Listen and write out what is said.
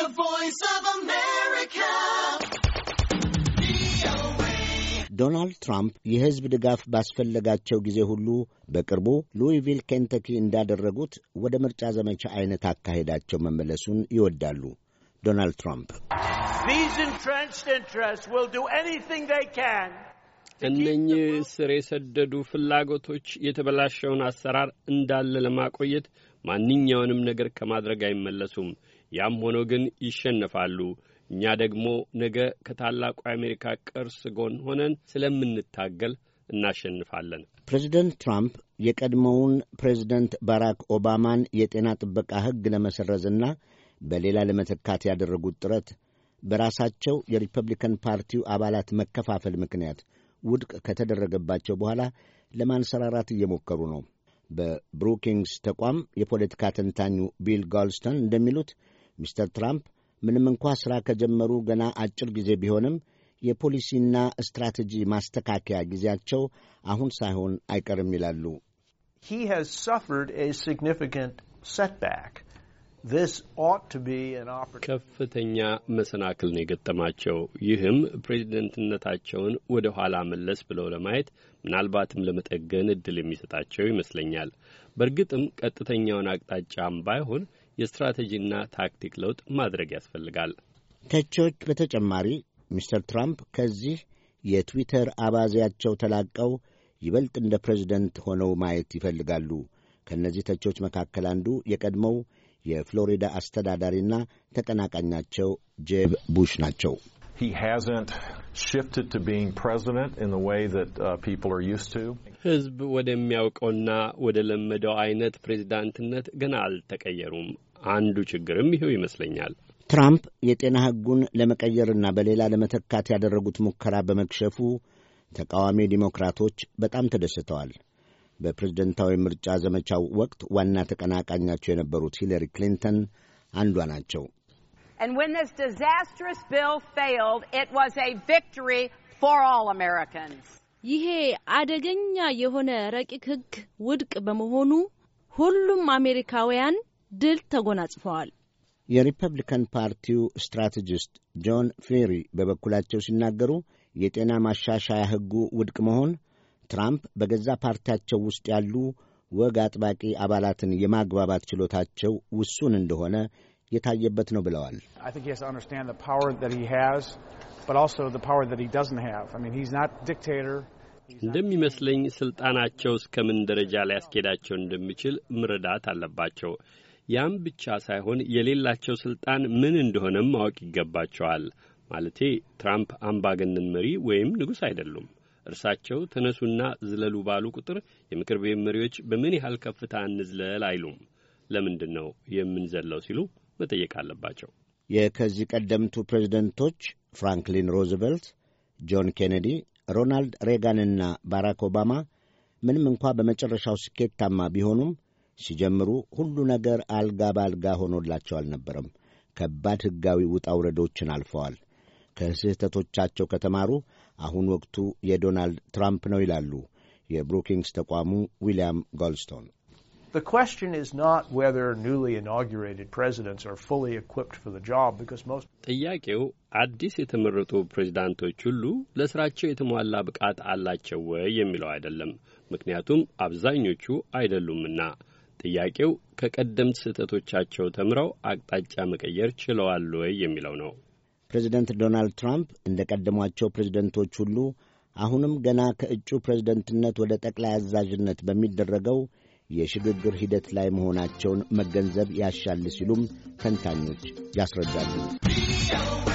The Voice of America. ዶናልድ ትራምፕ የሕዝብ ድጋፍ ባስፈለጋቸው ጊዜ ሁሉ በቅርቡ ሉዊቪል ኬንተኪ እንዳደረጉት ወደ ምርጫ ዘመቻ አይነት አካሄዳቸው መመለሱን ይወዳሉ። ዶናልድ ትራምፕ እነኚህ ስር የሰደዱ ፍላጎቶች የተበላሸውን አሰራር እንዳለ ለማቆየት ማንኛውንም ነገር ከማድረግ አይመለሱም። ያም ሆኖ ግን ይሸነፋሉ። እኛ ደግሞ ነገ ከታላቁ የአሜሪካ ቅርስ ጎን ሆነን ስለምንታገል እናሸንፋለን። ፕሬዚደንት ትራምፕ የቀድሞውን ፕሬዚደንት ባራክ ኦባማን የጤና ጥበቃ ሕግ ለመሰረዝና በሌላ ለመተካት ያደረጉት ጥረት በራሳቸው የሪፐብሊካን ፓርቲው አባላት መከፋፈል ምክንያት ውድቅ ከተደረገባቸው በኋላ ለማንሰራራት እየሞከሩ ነው። በብሩኪንግስ ተቋም የፖለቲካ ተንታኙ ቢል ጋልስተን እንደሚሉት ሚስተር ትራምፕ ምንም እንኳ ሥራ ከጀመሩ ገና አጭር ጊዜ ቢሆንም የፖሊሲና ስትራቴጂ ማስተካከያ ጊዜያቸው አሁን ሳይሆን አይቀርም ይላሉ። ከፍተኛ መሰናክል ነው የገጠማቸው። ይህም ፕሬዚደንትነታቸውን ወደ ኋላ መለስ ብለው ለማየት ምናልባትም ለመጠገን እድል የሚሰጣቸው ይመስለኛል። በእርግጥም ቀጥተኛውን አቅጣጫም ባይሆን የስትራቴጂና ታክቲክ ለውጥ ማድረግ ያስፈልጋል። ተቺዎች በተጨማሪ ሚስተር ትራምፕ ከዚህ የትዊተር አባዜያቸው ተላቀው ይበልጥ እንደ ፕሬዚደንት ሆነው ማየት ይፈልጋሉ። ከእነዚህ ተቺዎች መካከል አንዱ የቀድሞው የፍሎሪዳ አስተዳዳሪና ተቀናቃኛቸው ጄብ ቡሽ ናቸው። uh, ሕዝብ ወደሚያውቀውና ወደ ለመደው አይነት ፕሬዚዳንትነት ገና አልተቀየሩም። አንዱ ችግርም ይኸው ይመስለኛል። ትራምፕ የጤና ሕጉን ለመቀየርና በሌላ ለመተካት ያደረጉት ሙከራ በመክሸፉ ተቃዋሚ ዲሞክራቶች በጣም ተደስተዋል። በፕሬዝደንታዊ ምርጫ ዘመቻው ወቅት ዋና ተቀናቃኛቸው የነበሩት ሂለሪ ክሊንተን አንዷ ናቸው። ይሄ አደገኛ የሆነ ረቂቅ ሕግ ውድቅ በመሆኑ ሁሉም አሜሪካውያን ድል ተጎናጽፈዋል። የሪፐብሊካን ፓርቲው ስትራቴጂስት ጆን ፌሪ በበኩላቸው ሲናገሩ የጤና ማሻሻያ ሕጉ ውድቅ መሆን ትራምፕ በገዛ ፓርቲያቸው ውስጥ ያሉ ወግ አጥባቂ አባላትን የማግባባት ችሎታቸው ውሱን እንደሆነ የታየበት ነው ብለዋል። እንደሚመስለኝ ስልጣናቸው እስከምን ደረጃ ሊያስኬዳቸው እንደሚችል መረዳት አለባቸው። ያም ብቻ ሳይሆን የሌላቸው ስልጣን ምን እንደሆነም ማወቅ ይገባቸዋል። ማለቴ ትራምፕ አምባገነን መሪ ወይም ንጉሥ አይደሉም። እርሳቸው ተነሱና ዝለሉ ባሉ ቁጥር የምክር ቤት መሪዎች በምን ያህል ከፍታ እንዝለል አይሉም። ለምንድን ነው የምንዘለው ሲሉ መጠየቅ አለባቸው። የከዚህ ቀደምቱ ፕሬዝደንቶች ፍራንክሊን ሮዝቨልት ጆን ኬኔዲ፣ ሮናልድ ሬጋንና ባራክ ኦባማ ምንም እንኳ በመጨረሻው ስኬታማ ቢሆኑም ሲጀምሩ ሁሉ ነገር አልጋ በአልጋ ሆኖላቸው አልነበረም። ከባድ ሕጋዊ ውጣ ውረዶችን አልፈዋል። ከስህተቶቻቸው ከተማሩ አሁን ወቅቱ የዶናልድ ትራምፕ ነው ይላሉ የብሩኪንግስ ተቋሙ ዊልያም ጎልስቶን። The question is not whether newly inaugurated presidents are fully equipped for the job because most ጥያቄው አዲስ የተመረጡ ፕሬዝዳንቶች ሁሉ ለስራቸው የተሟላ ብቃት አላቸው ወይ የሚለው አይደለም። ምክንያቱም አብዛኞቹ አይደሉምና ጥያቄው ከቀደምት ስህተቶቻቸው ተምረው አቅጣጫ መቀየር ችለዋል ወይ የሚለው ነው። ፕሬዚደንት ዶናልድ ትራምፕ እንደ ቀደሟቸው ፕሬዚደንቶች ሁሉ አሁንም ገና ከእጩ ፕሬዚደንትነት ወደ ጠቅላይ አዛዥነት በሚደረገው የሽግግር ሂደት ላይ መሆናቸውን መገንዘብ ያሻል ሲሉም ተንታኞች ያስረዳሉ።